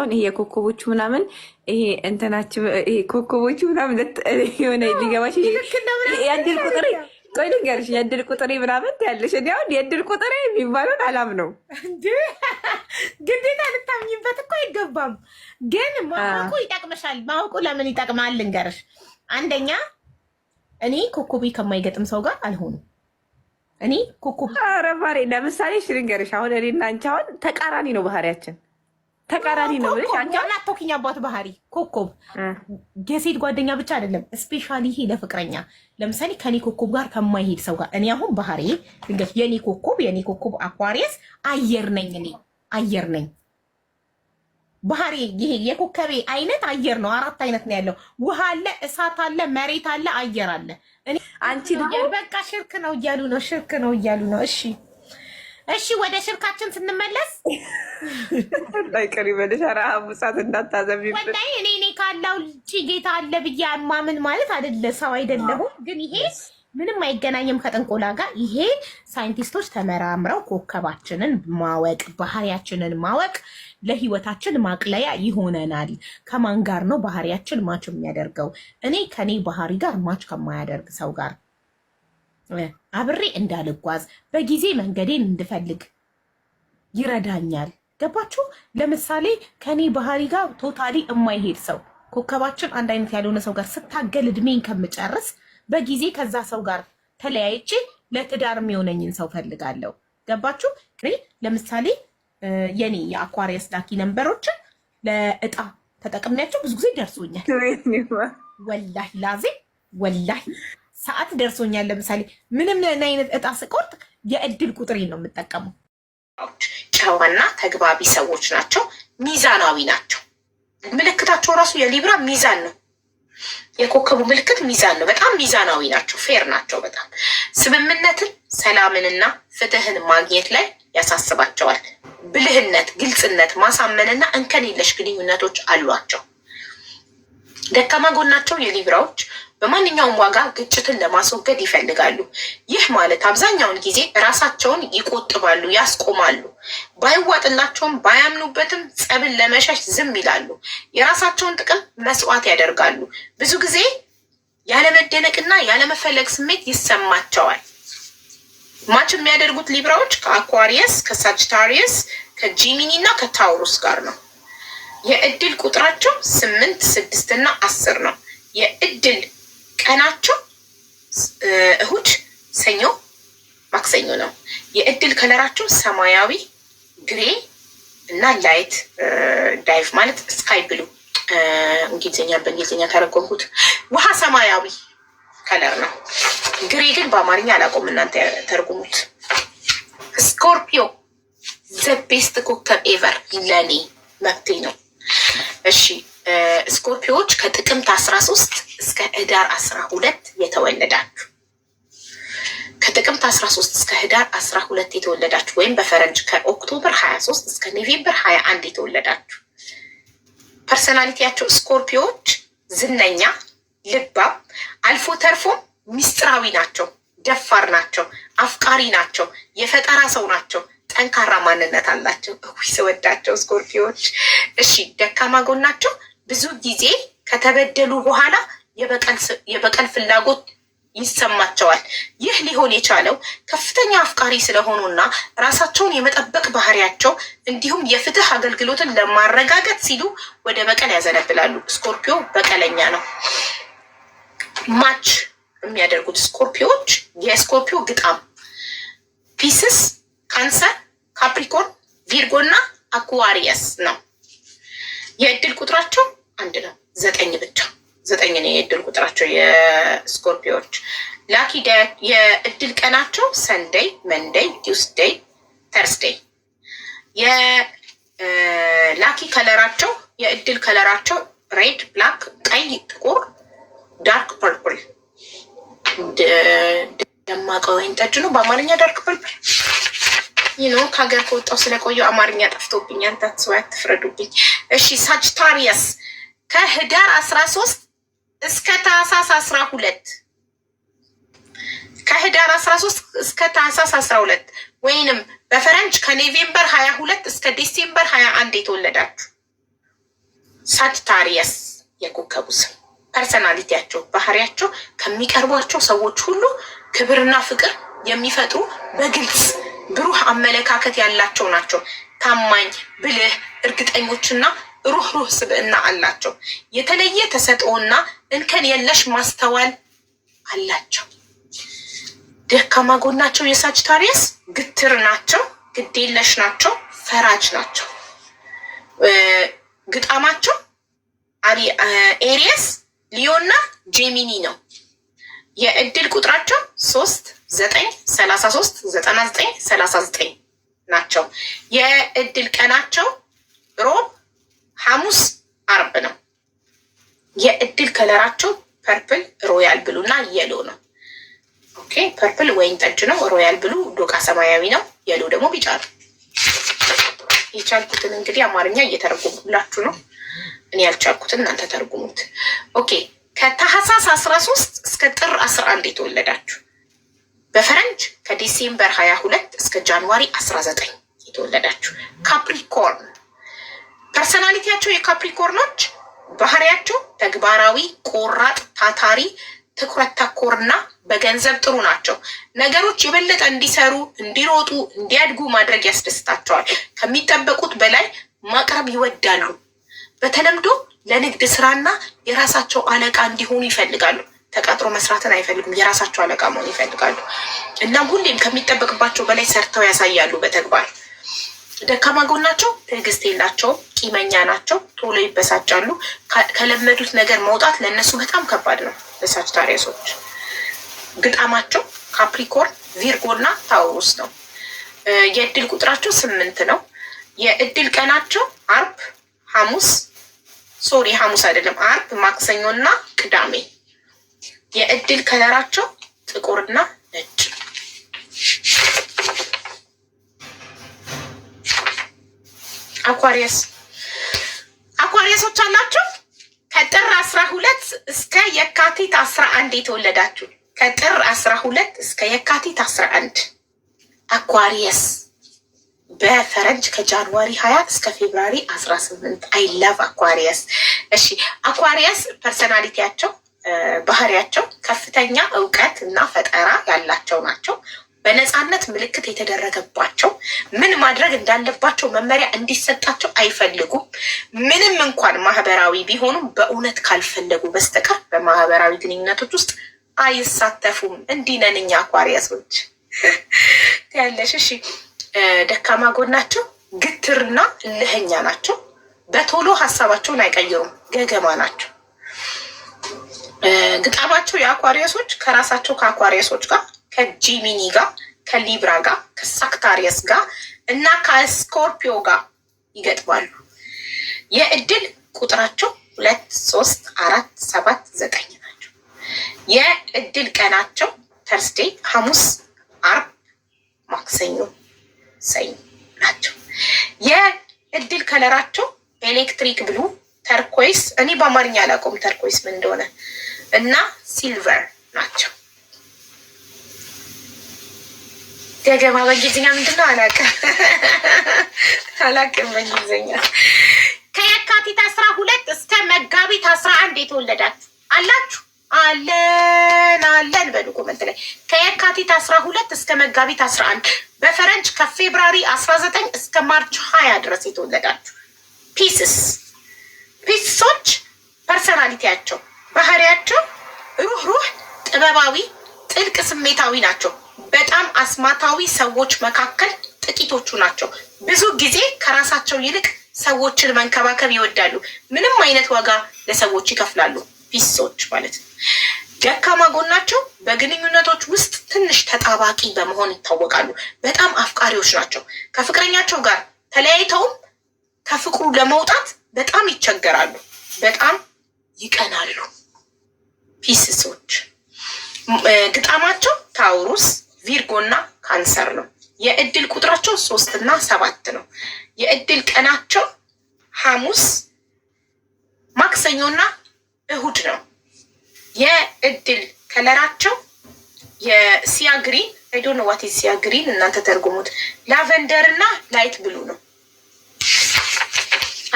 ሁን ይሄ የኮከቦቹ ምናምን ይሄ እንትናች ኮከቦቹ ምናምን የሆነ ሊገባሽ የእድል ቁጥሬ ቆይ ልንገርሽ፣ የእድል ቁጥሬ ምናምን ያለሽ እኔ አሁን የእድል ቁጥሬ የሚባለውን አላም ነው ግዴታ ልታምኝበት እኮ አይገባም። ግን ማወቁ ይጠቅመሻል። ማወቁ ለምን ይጠቅማል ልንገርሽ። አንደኛ እኔ ኮከቤ ከማይገጥም ሰው ጋር አልሆኑም። እኔ ኮከብ ኧረ ማሬ ለምሳሌ እሺ ልንገርሽ፣ አሁን እኔና አንቺ አሁን ተቃራኒ ነው ባህሪያችን ተቃራኒ ነው። ቶኪኛ ባህሪ ኮኮብ የሴት ጓደኛ ብቻ አይደለም፣ ስፔሻሊ ይሄ ለፍቅረኛ ለምሳሌ ከኔ ኮኮብ ጋር ከማይሄድ ሰው ጋር እኔ አሁን ባህሪ ድንገት የኔ ኮኮብ የኔ ኮኮብ አኳሪየስ አየር ነኝ። እኔ አየር ነኝ። ባህሪ ይሄ የኮከቤ አይነት አየር ነው። አራት አይነት ነው ያለው። ውሃ አለ፣ እሳት አለ፣ መሬት አለ፣ አየር አለ። እኔ አንቺ በቃ ሽርክ ነው እያሉ ነው፣ ሽርክ ነው እያሉ ነው። እሺ እሺ፣ ወደ ሽርካችን ስንመለስ ሳምንት አይቀር ይበልሽ። ኧረ ሀሙሳት እንዳታዘሚበት ወላሂ። እኔ እኔ ካለው ልጅ ጌታ አለ ብዬ አማምን ማለት አይደለ ሰው አይደለሁም፣ ግን ይሄ ምንም አይገናኝም ከጥንቆላ ጋር። ይሄ ሳይንቲስቶች ተመራምረው ኮከባችንን ማወቅ ባህሪያችንን ማወቅ ለህይወታችን ማቅለያ ይሆነናል። ከማን ጋር ነው ባህሪያችን ማች የሚያደርገው? እኔ ከኔ ባህሪ ጋር ማች ከማያደርግ ሰው ጋር አብሬ እንዳልጓዝ፣ በጊዜ መንገዴን እንድፈልግ ይረዳኛል። ገባችሁ? ለምሳሌ ከኔ ባህሪ ጋር ቶታሊ የማይሄድ ሰው ኮከባችን አንድ አይነት ያልሆነ ሰው ጋር ስታገል እድሜን ከምጨርስ በጊዜ ከዛ ሰው ጋር ተለያይቼ ለትዳር የሚሆነኝን ሰው ፈልጋለሁ። ገባችሁ? ለምሳሌ የኔ የአኳሪየስ ላኪ ነንበሮችን ለእጣ ተጠቅሜያቸው ብዙ ጊዜ ደርሶኛል። ወላሂ ላዜ ወላሂ ሰዓት ደርሶኛል። ለምሳሌ ምንም አይነት እጣ ስቆርጥ የእድል ቁጥሬን ነው የምጠቀመው። ጨዋና ተግባቢ ሰዎች ናቸው። ሚዛናዊ ናቸው። ምልክታቸው ራሱ የሊብራ ሚዛን ነው። የኮከቡ ምልክት ሚዛን ነው። በጣም ሚዛናዊ ናቸው። ፌር ናቸው። በጣም ስምምነትን፣ ሰላምንና ፍትህን ማግኘት ላይ ያሳስባቸዋል። ብልህነት፣ ግልጽነት፣ ማሳመንና እንከን የለሽ ግንኙነቶች አሏቸው። ደካማ ጎናቸው የሊብራዎች በማንኛውም ዋጋ ግጭትን ለማስወገድ ይፈልጋሉ። ይህ ማለት አብዛኛውን ጊዜ ራሳቸውን ይቆጥባሉ፣ ያስቆማሉ። ባይዋጥላቸውም ባያምኑበትም ጸብን ለመሸሽ ዝም ይላሉ። የራሳቸውን ጥቅም መስዋዕት ያደርጋሉ። ብዙ ጊዜ ያለመደነቅና ያለመፈለግ ስሜት ይሰማቸዋል። ማች የሚያደርጉት ሊብራዎች ከአኳሪየስ፣ ከሳጅታሪየስ፣ ከጂሚኒ እና ከታውሩስ ጋር ነው። የእድል ቁጥራቸው ስምንት ስድስት እና አስር ነው። የእድል ቀናቸው እሁድ፣ ሰኞ፣ ማክሰኞ ነው። የእድል ከለራቸው ሰማያዊ፣ ግሬ እና ላይት ዳይቭ ማለት ስካይ ብሉ እንግሊዝኛ በእንግሊዝኛ ተረጎምኩት። ውሃ ሰማያዊ ከለር ነው። ግሬ ግን በአማርኛ አላቆም፣ እናንተ ተርጉሙት። ስኮርፒዮ ዘ ቤስት ኮከብ ኤቨር ለኔ መብቴ ነው። እሺ ስኮርፒዎች ከጥቅምት አስራ ሶስት እስከ ህዳር አስራ ሁለት የተወለዳችሁ ከጥቅምት 13 እስከ ህዳር ሁለት የተወለዳችሁ ወይም በፈረንጅ ከኦክቶበር 23 እስከ ሀያ አንድ የተወለዳችሁ ፐርሰናሊቲያቸው ስኮርፒዮች ዝነኛ፣ ልባም፣ አልፎ ተርፎ ሚስጥራዊ ናቸው። ደፋር ናቸው። አፍቃሪ ናቸው። የፈጠራ ሰው ናቸው። ጠንካራ ማንነት አላቸው። እዊ ስወዳቸው ስኮርፒዮች። እሺ ደካማ ጎናቸው ብዙ ጊዜ ከተበደሉ በኋላ የበቀል ፍላጎት ይሰማቸዋል። ይህ ሊሆን የቻለው ከፍተኛ አፍቃሪ ስለሆኑ እና ራሳቸውን የመጠበቅ ባህሪያቸው እንዲሁም የፍትህ አገልግሎትን ለማረጋገጥ ሲሉ ወደ በቀል ያዘነብላሉ። ስኮርፒዮ በቀለኛ ነው። ማች የሚያደርጉት ስኮርፒዮች የስኮርፒዮ ግጣም ፒስስ፣ ካንሰር፣ ካፕሪኮን፣ ቪርጎ እና አኩዋሪየስ ነው። የእድል ቁጥራቸው አንድ ነው፣ ዘጠኝ ብቻ ዘጠኝ ነው የእድል ቁጥራቸው የስኮርፒዮች። ላኪ የእድል ቀናቸው ሰንደይ፣ መንደይ፣ ቲውስደይ፣ ተርስደይ። የላኪ ከለራቸው የእድል ከለራቸው ሬድ፣ ብላክ፣ ቀይ፣ ጥቁር፣ ዳርክ ፐርፕል ደማቀ ወይን ጠጅ ነው በአማርኛ ዳርክ ፐርፕል ይኖ ከሀገር ከወጣው ስለቆየው አማርኛ ጠፍቶብኛል። ታትሰ አትፍረዱብኝ። እሺ ሳጅታሪየስ ከህዳር አስራ ሶስት እስከ ታህሳስ አስራ ሁለት ከህዳር አስራ ሶስት እስከ ታህሳስ አስራ ሁለት ወይንም በፈረንጅ ከኔቬምበር ሀያ ሁለት እስከ ዲሴምበር ሀያ አንድ የተወለዳችሁ ሳጅታሪየስ የኮከቡ ስም ፐርሰናሊቲያቸው፣ ባህሪያቸው ከሚቀርቧቸው ሰዎች ሁሉ ክብርና ፍቅር የሚፈጥሩ በግልጽ ብሩህ አመለካከት ያላቸው ናቸው። ታማኝ፣ ብልህ፣ እርግጠኞችና ሩህሩህ ስብዕና አላቸው። የተለየ ተሰጥኦና እንከን የለሽ ማስተዋል አላቸው። ደካማ ጎናቸው የሳጅታሪየስ ግትር ናቸው፣ ግዴለሽ ናቸው፣ ፈራጅ ናቸው። ግጣማቸው ኤሪየስ፣ ሊዮና ጄሚኒ ነው። የእድል ቁጥራቸው ሶስት ዘጠኝ ሰላሳ ሶስት ዘጠና ዘጠኝ ሰላሳ ዘጠኝ ናቸው። የእድል ቀናቸው ሮብ፣ ሐሙስ፣ አርብ ነው። የእድል ከለራቸው ፐርፕል ሮያል ብሉ እና የሎ ነው። ኦኬ ፐርፕል ወይን ጠጅ ነው። ሮያል ብሉ ዶቃ ሰማያዊ ነው። የሎ ደግሞ ቢጫ ነው። የቻልኩትን እንግዲህ አማርኛ እየተረጉሙላችሁ ነው። እኔ ያልቻልኩትን እናንተ ተርጉሙት። ኦኬ ከታህሳስ አስራ ሶስት እስከ ጥር አስራ አንድ የተወለዳችሁ በፈረንጅ ከዲሴምበር 22 እስከ ጃንዋሪ 19 የተወለዳችሁ ካፕሪኮርን ፐርሰናሊቲያቸው የካፕሪኮርኖች ባህሪያቸው ተግባራዊ፣ ቆራጥ፣ ታታሪ፣ ትኩረት ተኮርና በገንዘብ ጥሩ ናቸው። ነገሮች የበለጠ እንዲሰሩ፣ እንዲሮጡ፣ እንዲያድጉ ማድረግ ያስደስታቸዋል። ከሚጠበቁት በላይ ማቅረብ ይወዳሉ። በተለምዶ ለንግድ ስራና የራሳቸው አለቃ እንዲሆኑ ይፈልጋሉ። ተቀጥሮ መስራትን አይፈልጉም። የራሳቸው አለቃ መሆን ይፈልጋሉ። እናም ሁሌም ከሚጠበቅባቸው በላይ ሰርተው ያሳያሉ በተግባር። ደካማ ጎናቸው ትዕግስት የላቸውም፣ ቂመኛ ናቸው፣ ቶሎ ይበሳጫሉ። ከለመዱት ነገር መውጣት ለእነሱ በጣም ከባድ ነው። ለሳጅታሪያሶች ግጣማቸው ካፕሪኮርን፣ ቪርጎ እና ታውሩስ ነው። የእድል ቁጥራቸው ስምንት ነው። የእድል ቀናቸው አርብ፣ ሐሙስ ሶሪ ሐሙስ አይደለም አርብ፣ ማክሰኞ እና ቅዳሜ የእድል ከለራቸው ጥቁርና ነጭ። አኳሪየስ አኳሪየሶች አላችሁ? ከጥር አስራ ሁለት እስከ የካቲት አስራ አንድ የተወለዳችሁ ከጥር አስራ ሁለት እስከ የካቲት አስራ አንድ አኳሪየስ በፈረንጅ ከጃንዋሪ ሀያ እስከ ፌብራሪ አስራ ስምንት አይ ላቭ አኳሪየስ። እሺ አኳሪየስ ፐርሰናሊቲያቸው ባህሪያቸው ከፍተኛ እውቀት እና ፈጠራ ያላቸው ናቸው። በነፃነት ምልክት የተደረገባቸው ምን ማድረግ እንዳለባቸው መመሪያ እንዲሰጣቸው አይፈልጉም። ምንም እንኳን ማህበራዊ ቢሆኑም በእውነት ካልፈለጉ በስተቀር በማህበራዊ ግንኙነቶች ውስጥ አይሳተፉም። እንዲህ ነን እኛ አኳሪያሶች ያለሽ። እሺ፣ ደካማ ጎናቸው ግትርና ልህኛ ናቸው። በቶሎ ሀሳባቸውን አይቀይሩም። ገገማ ናቸው። ግጣባቸው የአኳሪየሶች ከራሳቸው ከአኳሪየሶች ጋር ከጂሚኒ ጋር ከሊብራ ጋር ከሳክታሪየስ ጋር እና ከስኮርፒዮ ጋር ይገጥማሉ። የእድል ቁጥራቸው ሁለት፣ ሶስት፣ አራት፣ ሰባት፣ ዘጠኝ ናቸው። የእድል ቀናቸው ተርስዴ፣ ሐሙስ፣ አርብ፣ ማክሰኞ፣ ሰኞ ናቸው። የእድል ከለራቸው ኤሌክትሪክ ብሉ፣ ተርኮይስ እኔ በአማርኛ አላውቀውም ተርኮይስ ምን እንደሆነ እና ሲልቨር ናቸው። ገገማ በእንግሊዝኛ ምንድን ነው አላውቅም፣ አላውቅም በእንግሊዝኛ። ከየካቲት አስራ ሁለት እስከ መጋቢት አስራ አንድ የተወለዳችሁ አላችሁ አለን አለን በሉ ኮመንት ላይ ከየካቲት አስራ ሁለት እስከ መጋቢት አስራ አንድ በፈረንጅ ከፌብራሪ አስራ ዘጠኝ እስከ ማርች ሀያ ድረስ የተወለዳችሁ ፒስስ ፒስሶች ፐርሰናሊቲያቸው ባህሪያቸው ጥበባዊ፣ ጥልቅ ስሜታዊ ናቸው። በጣም አስማታዊ ሰዎች መካከል ጥቂቶቹ ናቸው። ብዙ ጊዜ ከራሳቸው ይልቅ ሰዎችን መንከባከብ ይወዳሉ። ምንም አይነት ዋጋ ለሰዎች ይከፍላሉ። ቢሶች ማለት ነው። ደካማ ጎናቸው በግንኙነቶች ውስጥ ትንሽ ተጣባቂ በመሆን ይታወቃሉ። በጣም አፍቃሪዎች ናቸው። ከፍቅረኛቸው ጋር ተለያይተውም ከፍቅሩ ለመውጣት በጣም ይቸገራሉ። በጣም ይቀናሉ። ፒስሶች ግጣማቸው ታውሩስ ቪርጎና ካንሰር ነው። የእድል ቁጥራቸው ሶስት እና ሰባት ነው። የእድል ቀናቸው ሐሙስ፣ ማክሰኞና እሁድ ነው። የእድል ከለራቸው የሲያ ግሪን አይዶን ዋት ሲያ ግሪን እናንተ ተርጉሙት። ላቨንደር እና ላይት ብሉ ነው።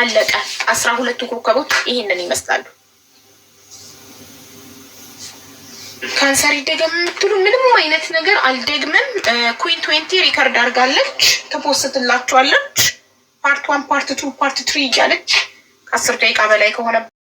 አለቀ። አስራ ሁለቱ ኮከቦች ይህንን ይመስላሉ። ካንሰር ይደገም የምትሉ ምንም አይነት ነገር አልደግምም። ኩዊን ትዌንቲ ሪከርድ አድርጋለች፣ ትፖስትላችኋለች። ፓርት ዋን፣ ፓርት ቱ፣ ፓርት ትሪ እያለች ከአስር ደቂቃ በላይ ከሆነ